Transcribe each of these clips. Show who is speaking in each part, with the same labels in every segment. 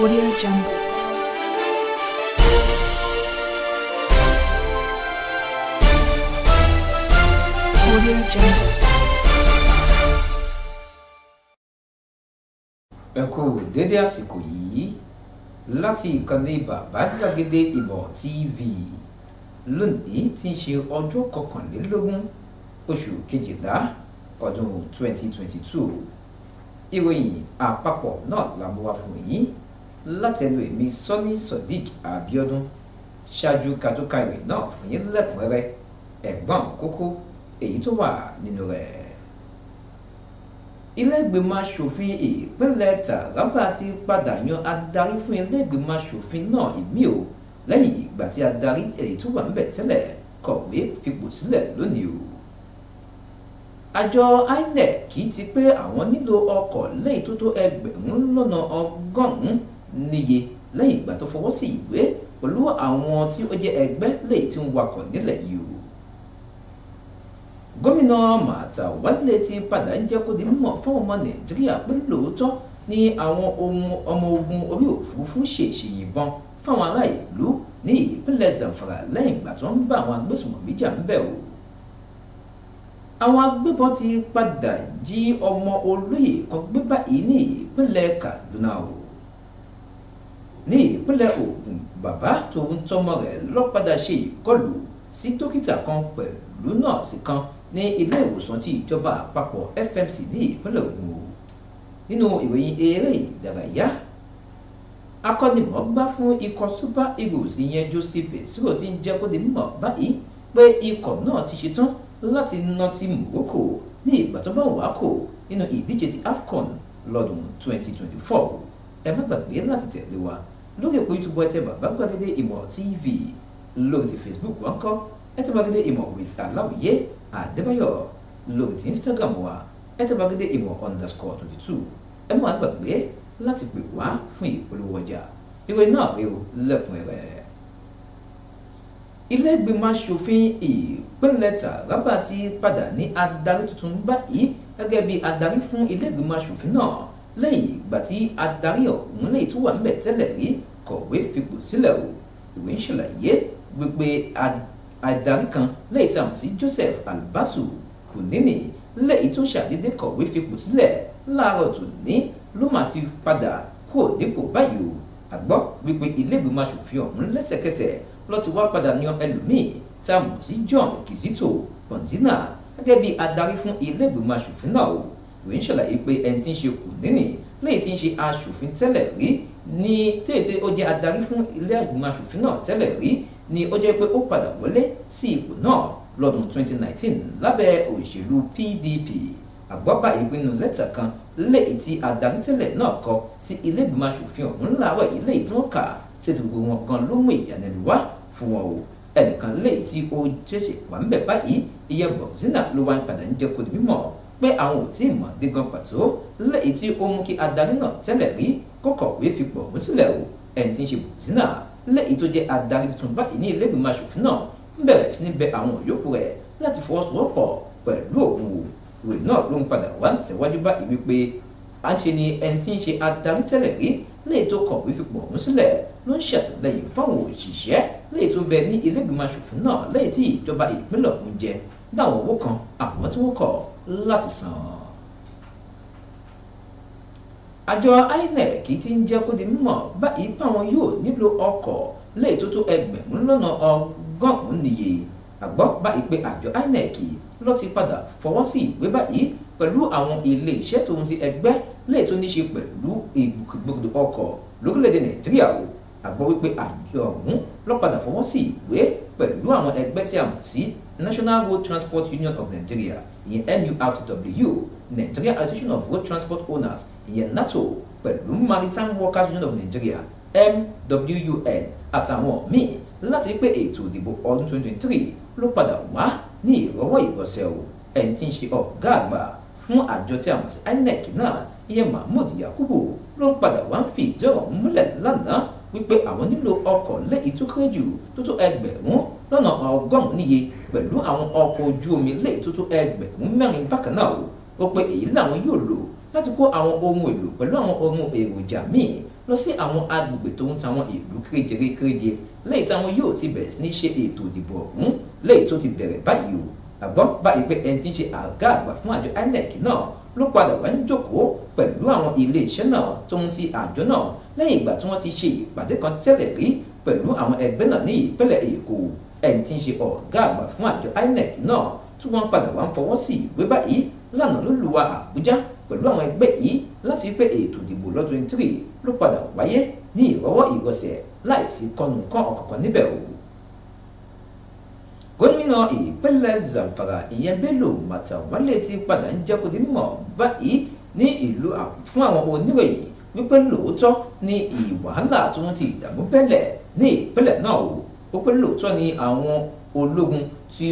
Speaker 1: Audio Jungle. Audio Jungle. ẹ kú dédé àsìkò yìí láti ìkànnì bàbá gbàgede ìmọ̀ tv lónìí tí ń ṣe ọjọ́ kọkànlélógún oṣù kejìlá ọdún 2022 ìròyìn àpapọ̀ náà la mú wá fún yín látẹnu èmi sọ́ní sodiq abiodun ṣáájú ká tó ka ìwé náà fún yín lẹ́kùnrẹ́rẹ́ ẹ̀gbọ́n kókó èyí tó wà nínú rẹ̀. ilé ìgbìmọ̀ asòfin ìpínlẹ̀ Taraba ti padà yan adarí fún ilé ìgbìmọ̀ asòfin náà ìmí o lẹ́yìn ìgbà tí adarí èyí tó wà ńbẹ̀ tẹ́lẹ̀ kọ̀wé fipò sílẹ̀ lónìí o àjọ INEC kì í ti pé àwọn nílò ọkọ̀ lẹ́yìn tó tó ẹgbẹ̀rún lọ́nà ọgọ́rùn-ún níye lẹ́yìn ìgbà tó fọwọ́ sí ìwé pẹ̀lú àwọn tí ó jẹ́ ẹgbẹ́ lẹ́yìn tí ń wakọ̀ nílẹ̀ yìí o gómìnà Màtà Wálé ti padà ń jẹ́ kó di mímọ̀ fáwọn ọmọ Nàìjíríà pé lóòótọ́ ni àwọn ohun ọmọ ogun orí òfurufú ṣèṣì yìnbọn fáwọn ará ìlú ní ìpínlẹ̀ Zamfara lẹ́yìn ìgbà tó ń bá àwọn agbésùnmọ̀mí jà ń o àwọn agbébọn ti padà jí ọmọ olóyè kan gbé báyìí ní ìpínlẹ̀ Kaduna o ní ìpínlẹ̀ Ògùn bàbá tòun tọmọ rẹ̀ ló padà ṣe ìkọlù sí dókítà kan pẹ̀lú nọ́ọ̀sì kan ní ilé ìwòsàn tí ìjọba àpapọ̀ FMC ní ìpínlẹ̀ Ògùn o nínú ìròyìn eré ìdárayá akọ́nimọ̀ọ́gbá fún ikọ̀ Super Eagles ìyẹn Jose Peseiro ti ń jẹ́ kó di mímọ̀ báyìí pé ikọ̀ náà ti ṣetán láti ná ti Morocco ní ìgbà tó bá wà kò nínú ìdíje ti AFCON lọ́dún 2024 ẹ má gbàgbé láti tẹ̀lé wa lórí òpó youtube ẹ tẹ bàbá gbàgede ìmọ̀ tv lórí ti facebook wọn kọ́ ẹ tẹ gbàgede ìmọ̀ with aláwìyé àdébáyọ̀ lórí ti instagram wa ẹ tẹ gbàgede ìmọ̀ underscore twenty two ẹ má gbàgbé láti pè wá fún ìpolówó ọjà ìròyìn náà rí o lẹ́kùnrẹ́rẹ́ ilé ìgbìmọ̀ asòfin ìpínlẹ̀ taraba ti padà ní adarí tuntun báyìí gẹ́gẹ́ bí adarí fún ilé ìgbìmọ̀ asòfin náà lẹ́yìn ìgbà tí adarí ọ̀hún lè tó wà níbẹ̀ tẹ́lẹ̀ rí kọ̀wé fipò sílẹ̀ o ìwé ń ṣàlàyé wípé adarí kan lẹ́yìn tí a mọ̀ sí Joseph Albasu Kunini lẹ́yìn tó ṣàdédé kọ̀wé fipò sílẹ̀ láàárọ̀ tòní ló mà ti padà kó dépò báyìí o àgbọ́ wípé ilégbèmọ̀ aṣòfin ọ̀hún lẹ́sẹ̀kẹsẹ̀ ló ti wá padà yan ẹlòmíì tá a mọ̀ sí John Kizito Ponzina gẹ́gẹ́ bí adarí fún ilégbèmọ̀ aṣòfin náà o ìwé ń ṣàlàyé pé ẹni tí ń ṣe Kúdínì léyìí tí ń ṣe aṣòfin tẹ́lẹ̀ rí ní tètè ó jẹ́ adarí fún ilé ìgbìmọ̀ aṣòfin náà tẹ́lẹ̀ rí ni ó jẹ́ pé ó padà wọlé sí ipò náà lọ́dún 2019 lábẹ́ òṣèlú PDP àgbọ́bà ìpinnu lẹ́tà kan léyìí tí adarí tẹ́lẹ̀ náà kọ sí ilé ìgbìmọ̀ aṣòfin ọ̀hún láàárọ̀ ilé ìtúnkà ṣètò gbogbo wọn gan ló mú ìyànnẹ́lú wá fún wọn o ẹnìkan léyìí tí ó ṣẹ̀ṣẹ̀ wà ń bẹ̀ báyìí iye bọ̀zínà pé àwọn ò tí ì mọ̀ dígan pàtó lẹ́yìn tí ó mú kí adarí náà tẹ́lẹ̀ rí kó kọ̀wé fipò mú sílẹ̀ o ẹni tí ń ṣe bùtínà lẹ́yìn tó jẹ́ adarí tuntun báyìí ní ilé ìgbìmọ̀ aṣòfin náà ń bẹ̀rẹ̀ sí ní bẹ àwọn òyòkù rẹ̀ láti fọwọ́sowọ́pọ̀ pẹ̀lú òun o ìwé náà ló ń padà wá tẹ̀wájú báyìí wípé àṣe ni ẹni tí ń ṣe adarí tẹ́lẹ̀ rí lẹ́yìn tó kọ̀wé fipò ọ̀hún sílẹ̀ ló ń ṣàtìlẹ́yìn fáwọn òṣìṣẹ́ lẹ́yìn tó ń bẹ ní ilé ìgbìmọ̀ aṣòfin náà lẹ́yìn tí ìjọba ìpínlẹ̀ ọ̀hún jẹ láwọn owó kan àwọn tí wọ́n kọ̀ láti san. àjọ INEC ti ń jẹ́ kó di mímọ̀ báyìí páwọn yóò nílò ọkọ̀ léyìí tó tó ẹgbẹ̀rún lọ́nà ọgọ́rùn-ún nìyí àgbọ́ báyìí pé àjọ INEC ló ti padà fọwọ́ sí ìwé báyìí pẹ̀lú àwọn ilé iṣẹ́ tòun ti ẹgbẹ́ léyìí tó ní ṣe pẹ̀lú ìgbòkègbodò ọkọ̀ lórílẹ̀‐èdè Nàìjíríà o àgbọ́ wípé àjọ ọ̀hún lọ́padà fọwọ́ sí ìwé pẹ̀lú àwọn ẹgbẹ́ tí a mọ̀ sí National Road Transport Union of Nigeria ìyẹn NURTW Nigeria Association of Road Transport Owners ìyẹn NATO pẹ̀lú Maritime Workers Union of Nigeria MWUN àtàwọn míì láti pé ètò ìdìbò ọdún 2023 ló padà wá ní ìrọwọ́ ìrọsẹ̀ o ẹni tí ń ṣe ọ̀gá àgbà fún àjọ tí a mọ̀ sí INEC náà ìyẹn Mahmood Yakubu ló ń padà wá ń fi ìjọ́rọ̀ múlẹ̀ lánàá wípé àwọn nílò ọkọ̀ léyìí tó kéré jù tó tó ẹgbẹ̀rún lọ́nà ọgọ́rùn-ún níye pẹ̀lú àwọn ọkọ̀ ojú omi léyìí tó tó ẹgbẹ̀rún mẹ́rin bákan náà ó pé èyí làwọn yóò lò láti kó àwọn ohun èlò pẹ̀lú àwọn ohun èròjà míì lọ sí àwọn agbègbè tó ń tàwọn ìlú kéréje kéréje léyìí táwọn yóò ti bẹ̀rẹ̀ sí ní ṣe ètò ìdìbò ọ̀hún léyìí tó ti bẹ̀rẹ̀ báyìí o àgbọ̀ báyìí pé ẹni tí ń ṣe àgá àgbà fún àjọ INEC náà ló padà wá ń jókòó pẹ̀lú àwọn iléeṣẹ́ náà tó ń ti àjọ náà lẹ́yìn ìgbà tí wọ́n ti ṣe ìpàdé kan tẹ́lẹ̀ rí pẹ̀lú àwọn ẹgbẹ́ náà ní ìpínlẹ̀ èkó ẹni tí ń ṣe ọ̀gá àgbà fún àjọ inec náà tí wọ́n padà wá ń fọwọ́ sí ìwé báyìí lánàá ló lu wa àbújá pẹ̀lú àwọn ẹgbẹ́ yìí láti pé ètò ìdìbò lọ́dún 23 ló padà wáyé ní ìrọwọ́ ìrọsẹ̀ gómìnà ìpínlẹ̀ zamfara ìyẹn bello matawalle ti padà ń jẹ́ kó di báyìí ní ìlú fún àwọn oníròyìn wípé lóòótọ́ ni ìwàhálà tó ń ti ìdààmú bẹ́lẹ̀ ní ìpínlẹ̀ náà o ó lóòótọ́ ni àwọn ológun ti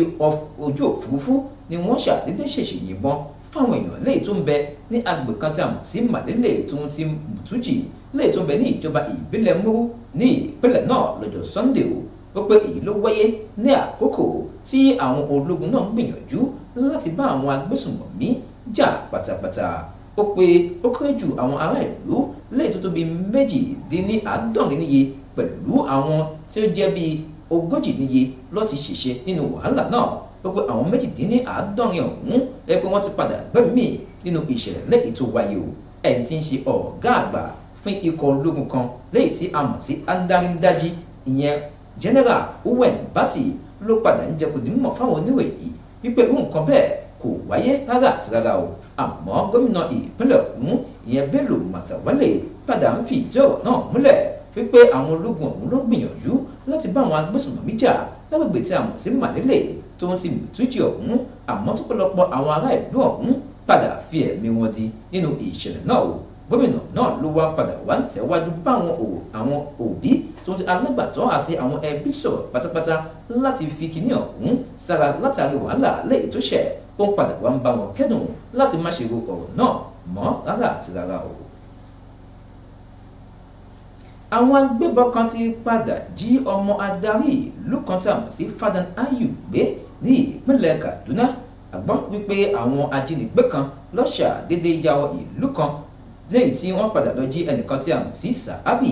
Speaker 1: ojú òfurufú ni wọ́n ṣàdédé ṣèṣì yìnbọn fáwọn èèyàn léè tó bẹ ní agbègbè kan tí a mọ̀ sí màlélè tó ń ti mùtújì léè tó bẹ ní ìjọba ìbílẹ̀ múrú ní ìpínlẹ̀ náà lọ́jọ́ sunday o ó pé èyí ló wáyé ní àkókò tí àwọn ológun náà ń gbìyànjú láti bá àwọn agbésùnmọ̀mí jà pátápátá ó pé ó kéré jù àwọn ará ìlú lẹ́yìn tó tó bíi níye pẹ̀lú àwọn tí ó jẹ́ bíi ogójì níye ló ti nínú wàhálà náà ó pé àwọn méjìdínláàádọ́rin ọ̀hún ẹ pé wọ́n ti padà gbẹ́mìí nínú ìṣẹ̀lẹ̀ lẹ́yìn tó wáyé o ẹni tí ń ṣe ọ̀gá àgbà fún ikọ̀ ológun kan lẹ́yìn tí a mọ̀ sí andarindaji ìyẹn general owen bassey ló padà ń jẹkùdì mọ̀ fáwọn oníròyìn yìí wípé irú nǹkan bẹ́ẹ̀ kò wáyé rárá àti rárá o àmọ́ gómìnà ìpínlẹ̀ ọ̀hún ìyẹn bello matawalle padà ń fi ìjẹ́ náà múlẹ̀ wípé àwọn ológun ọ̀hún ló ń gbìyànjú láti bá àwọn agbésùnmọ̀mí jà lágbègbè tí a mọ̀ sí màlélè tó ń ti mìtújì ọ̀hún àmọ́ tó pọ̀lọpọ̀ àwọn ará ìlú ọ̀hún padà fi ẹ̀mí wọn di nínú ìṣẹ̀lẹ̀ náà o gómìnà náà ló wá padà wá ń tẹ̀wájú báwọn àwọn òbí tó ń ti alágbàtọ́ àti àwọn ẹbí sọ̀rọ̀ pátápátá láti fi kíní ọ̀hún sára látàrí wàhálà lẹ́yìn tó ṣẹ̀ ó ń padà wá ń bá wọn kẹ́dùn láti má ṣe ro ọ̀rọ̀ náà mọ́ rárá àti rárá o àwọn agbébọn kan ti padà jí ọmọ adarí ìlú kan tá a mọ̀ sí Fadan Ayu gbé ní ìpínlẹ̀ Kaduna àgbọ́n wípé àwọn ajínigbé kan ló ṣàdédé ya ìlú lẹ́yìn tí wọ́n padà lọ jí ẹnìkan tí a mọ̀ sí sàábì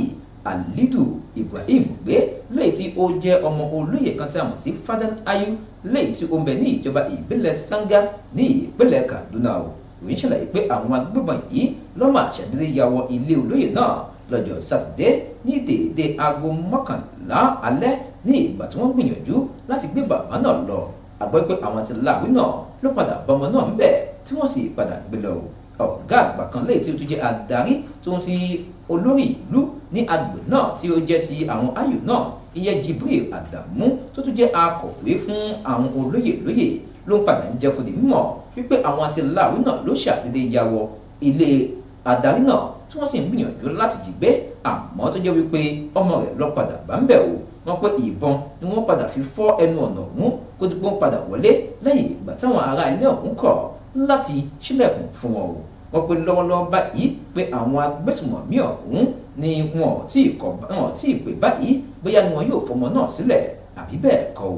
Speaker 1: alidu ibrahim gbé lẹ́yìn tí ó jẹ́ ọmọ olóyè kan tí a mọ̀ sí fadan ayu lẹ́yìn tí ó ń bẹ ní ìjọba ìbílẹ̀ sanga ní ìpínlẹ̀ kaduna o òyìn ṣàlàyé pé àwọn agbébọn yìí lọ́mọ àṣàdédé ya wọ ilé olóyè náà lọ́jọ́ sátidé ní déédéé aago mọ́kànlá alẹ́ ní ìgbà tí wọ́n gbìyànjú láti gbé bàbá náà lọ àgbẹ̀ pé àwọn ti láàwí náà ló padà bọ́mọ náà ń bẹ̀ tí wọ́n sì padà gbé lọ o ọ̀gá àgbà kan léyìí tí ó tún jẹ́ adarí tó ń ti olórí ìlú ní agbè náà tí ó jẹ́ ti àwọn ayò náà ìyẹn Jibril Adamu tó tún jẹ́ akọ̀wé fún àwọn olóyè lóyè ló ń padà ń jẹ́ kó di mímọ̀ wípé àwọn àti láàrú náà ló ṣàdédé ya wọ ilé adarí náà tí wọ́n sì ń gbìyànjú láti jí gbé àmọ́ tó jẹ́ wípé ọmọ rẹ̀ lọ padà bá ń bẹ̀ o wọ́n pé ìbọn ni wọ́n padà fi fọ́ ẹnu ọ̀nà ọ̀hún kó tó pọ́n padà wọlé lẹ́yìn ìgbà táwọn ará ilé ọ̀hún kọ̀ láti ṣílẹ̀kùn fún wọn o wọ́n pe lọ́wọ́lọ́wọ́ báyìí pé àwọn agbésùmọ̀mí ọ̀hún ni wọn ò tí ì pè báyìí bóyá ni wọn yóò fọmọ náà sílẹ̀ àbí bẹ́ẹ̀ kọ́ o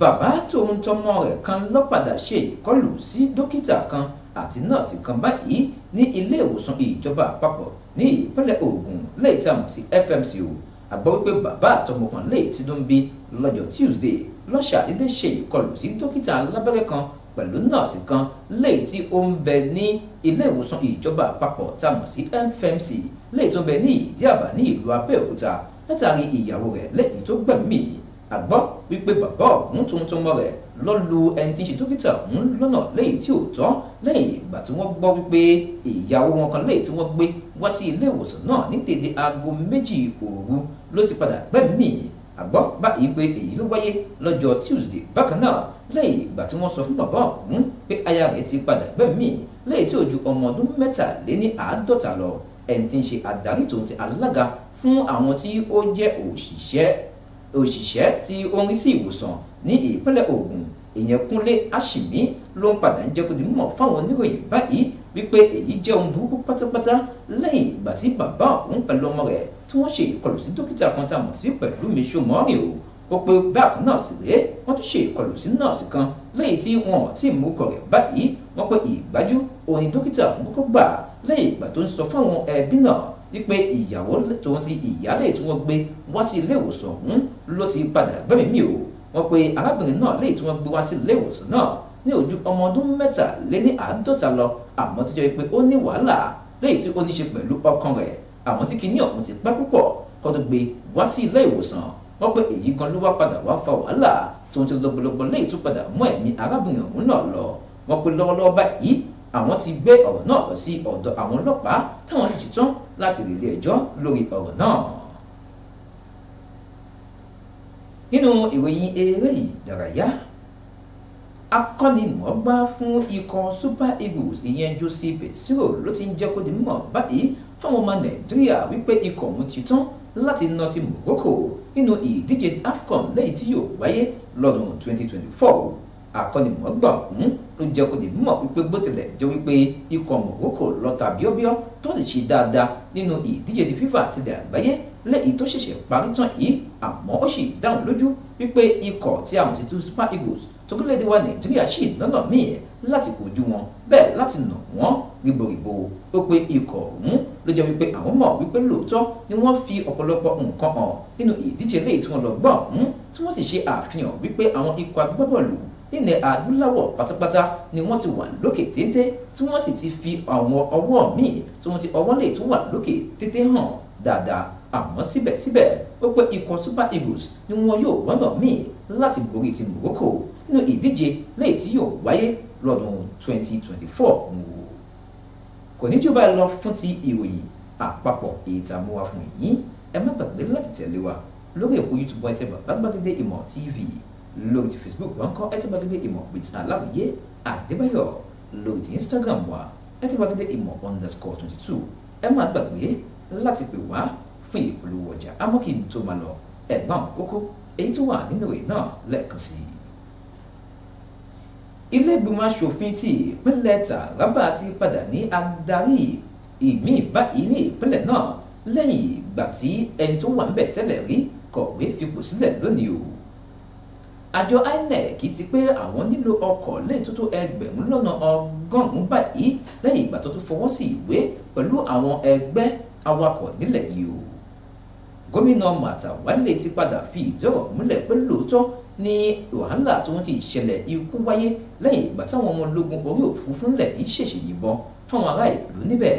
Speaker 1: bàbá tóun tọmọ rẹ̀ kan ló padà ṣe ìkọlù sí dókítà kan àti nọ́ọ̀sì kan báyìí ní ilé ìwòsàn ìjọba àpapọ̀ ní ìpínlẹ̀ Ògùn lẹ́yìn tí a mọ̀ sí FMC o àgbọ̀ wípé bàbá àtọmọkàn lè ti dún bí lọ́jọ́ Tuesday lọ́ṣà dídé ṣe ìkọlù sí dókítà alábẹ́rẹ́ kan pẹ̀lú nọ́ọ̀sì kan léyìí tí ó ń bẹ ní ilé ìwòsàn ìjọba àpapọ̀ tá a mọ̀ sí FMC léyìí tó ń bẹ ní ìdí àbá ní ìlú Abẹ́òkúta látàrí ìyàwó rẹ̀ léyìí tó gbẹ̀mí àgbọ́ wípé bàbá ọ̀hún tó ń tọmọ rẹ̀ lọ lu ẹni tí ń ṣe dókítà ọ̀hún lọ́nà léyìí tí ò tọ́ lẹ́yìn ìgbà tí wọ́n gbọ́ wípé ìyàwó wọn kan léyìí tí wọ́n gbé wá sí ilé ìwòsàn náà ní dédé aago méjì òru ló sì padà gbẹ̀mí àgbọ́ báyìí pé èyí ló wáyé lọ́jọ́ Tuesday bákan náà lẹ́yìn ìgbà tí wọ́n sọ fún bàbá ọ̀hún pé aya rẹ̀ ti padà gbẹ̀mí lẹ́yìn tí ó ju ọmọ ọdún mẹ́tàléní àádọ́ta lọ ẹni tí ń ṣe adarí tòun ti alága fún àwọn tí ó jẹ́ òṣìṣẹ́ òṣìṣẹ́ tí ó ń rí sí ìwòsàn ní ìpínlẹ̀ Ògùn ìyẹn Kúnlé Àṣìmí ló ń padà ń jẹ́ kó di mímọ̀ fáwọn oníròyìn báyìí wípé èyí jẹ́ ohun burúkú pátápátá lẹ́yìn ìgbà tí bàbá òun pẹ̀lú ọmọ rẹ̀ tí wọ́n ṣe ìkọlù sí dókítà kan tá a mọ̀ sí Pẹ̀lúmi Ṣómọ́rìn o ó pé báàkì náà sì wọ́n tún ṣe ìkọlù sí nọ́ọ̀sì kan lẹ́yìn tí wọn ò tí ì mú kọ rẹ̀ báyìí wọ́n pé ìgbájú òun ni dókítà òun kọ́kọ́ gbà lẹ́yìn ìgbà tó ń sọ fáwọn ẹbí náà wípé ìyàwó tòun ti ìyálé tí wọ́n gbé wá sí ilé ìwòsàn ọ̀hún ló ti padà gbẹ́mìí mì o wọ́n pé arábìnrin náà lẹ́yìn tí wọ́n gbé wá sí ilé ìwòsàn náà ní ojú ọmọ ọdún mẹ́tàléní àádọ́ta lọ àmọ́ tó jẹ́ pé ó ní wàhálà léyìí tí ó ní ṣe pẹ̀lú ọkàn rẹ̀ àmọ́ tí kìíní ọ̀hún ti pẹ́ púpọ̀ kó tó gbé e wá sí ilé ìwòsàn wọ́n pé èyí kan ló wá padà wá fa wàhálà tó ń ti lọ́gbọ̀lọ́gbọ̀ léyìí tó padà mú ẹ̀mí arábìnrin ọ̀hún náà lọ wọ́n pé lọ́wọ́lọ́wọ́ báyìí àwọn ti gbé ọ̀rọ̀ náà lọ sí ọ̀dọ̀ àwọn ọlọ́pàá táwọn ti ṣetán láti rí ilé ẹjọ́ lórí ọ̀rọ̀ náà. nínú ìròyìn eré ìdárayá akọ́nimọ̀ọ́gbá fún ikọ̀ super eagles ìyẹn jose peseiro ló ti ń jẹ́ kó di mímọ̀ báyìí fáwọn ọmọ nàìjíríà wípé ikọ̀ ọ̀hún ti tán láti nà ti morocco nínú ìdíje afcon lẹ́yìn tí yóò wáyé lọ́dún 2024 akọ́nimọ̀ọ́gbà ọ̀hún ló jẹ́ kó di mímọ̀ wípé bó tilẹ̀ jẹ́ wípé ikọ̀ morocco lọ́ta bíọ́bíọ́ tó sì ṣe dáadáa nínú ìdíje ti fífà tilẹ̀ àgbáyé lẹ́yìn tó ṣẹ̀ṣẹ̀ parí tán yìí àmọ́ ó sì dáhùn lójú wípé ikọ̀ tí a mọ̀ sí two super eagles tókílẹ̀-èdè nàìjíríà sì lọ́nà míì láti kojú wọn bẹ́ẹ̀ láti nà wọ́n ríboríbo ó pé ikọ̀ ọ̀hún ló jẹ́ wípé àwọn mọ̀ wípé lóòótọ́ ni wọ́n fi ọ̀pọ̀lọpọ̀ nǹkan hàn nínú ìdíje léyìí tí wọ́n lọ gbọ́ ọ̀hún tí wọ́n sì ṣe àfihàn wípé àwọn ikọ̀ agbábọ́ọ̀lù ilẹ̀ adúláwọ̀ pátápátá ni wọ́n ti wà lókè téńté tí wọ́n sì ti fi àwọn ọwọ́ míì tí wọ́n ti ọwọ́ lè tún wà lókè téńté hàn dáadáa àmọ́ síbẹ̀síbẹ̀ ó pé ikọ̀ super eagles ni wọn yóò wọ́nà míì láti borí ti morocco nínú ìdíje lẹ́yìn tí yóò wáyé lọ́dún 2024 mu kò ní jù báyìí lọ fún ti ìròyìn àpapọ̀ ìtààmú fún yín ẹ má gbàgbé láti tẹ̀lé wa lórí èkó youtube wa ẹtẹ́ bàbá ìmọ̀ tv lórí ti facebook wa ń kọ́ ẹtẹ́ gbàgede ìmọ̀ with aláwìyé àdébáyọ̀ lórí ti instagram wa ẹtẹ́ gbàgede ìmọ̀ underscore 22 ẹ má gbàgbé láti pè wá fún ìpolówó ọjà àmọ́ kí n tó máa lọ ẹ̀gbọ́n kókó èyí tó wà nínú ìwé náà lẹ́ẹ̀kan sí i. ilé ìgbìmọ̀ asòfin ti ìpínlẹ̀ Taraba ti padà ní adarí ìmí báyìí ní ìpínlẹ̀ náà lẹ́yìn ìgbà tí ẹni tó wà ń bẹ̀ tẹ́lẹ̀ rí kọ̀wé fipò sílẹ̀ lónìí o àjọ INEC ti pé àwọn nílò ọkọ̀ lẹ́yìn tó tó ẹgbẹ̀rún lọ́nà ọgọ́rùn-ún báyìí lẹ́yìn ìgbà tó tó fọwọ́ sí ìwé pẹ̀lú àwọn ẹgbẹ́ awakọ̀ nílẹ̀ yìí o gómìnà màtà wálé ti padà fi ìjọrọ múlẹ̀ pé lóòótọ́ ní wàhálà tó ń ti ìṣẹ̀lẹ̀ ikú wáyé lẹ́yìn ìgbà táwọn ọmọ ológun orí òfurufú ńlẹ̀ yìí ṣèṣì yìnbọn fáwọn ará ìlú níbẹ̀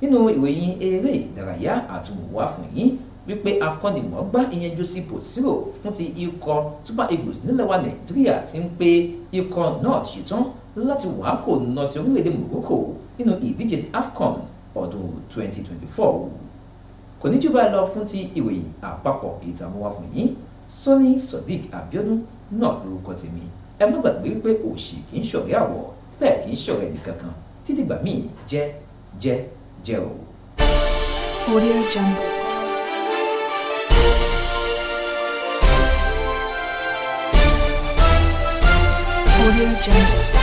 Speaker 1: nínú ìròyìn eré ìdárayá àtúnwá fún yín wípé akọ́nìmọ̀ọ́gbá ìyẹn josi potsiro fún ti ikọ̀ super eagles nílẹ̀ nàìjíríà ti ń pe ikọ̀ náà ṣetán láti wàá kò nà ti orílẹ̀-èdè morocco nínú ìdíje afcon ọdún 2024 kò ní jù bá lọ fún ti ìròyìn àpapọ̀ ìtàn mú wá fún yín Sọ́ní Sodiq Abiodun náà lórúkọ tèmi ẹ má gbàgbé wípé òṣì kì í ṣọ̀rẹ́ àwọ̀ bẹ́ẹ̀ kì í ṣọ̀rẹ́ nìkankan títí gbà míì jẹ́ jẹ́ jẹ́ o. Audio Jungle.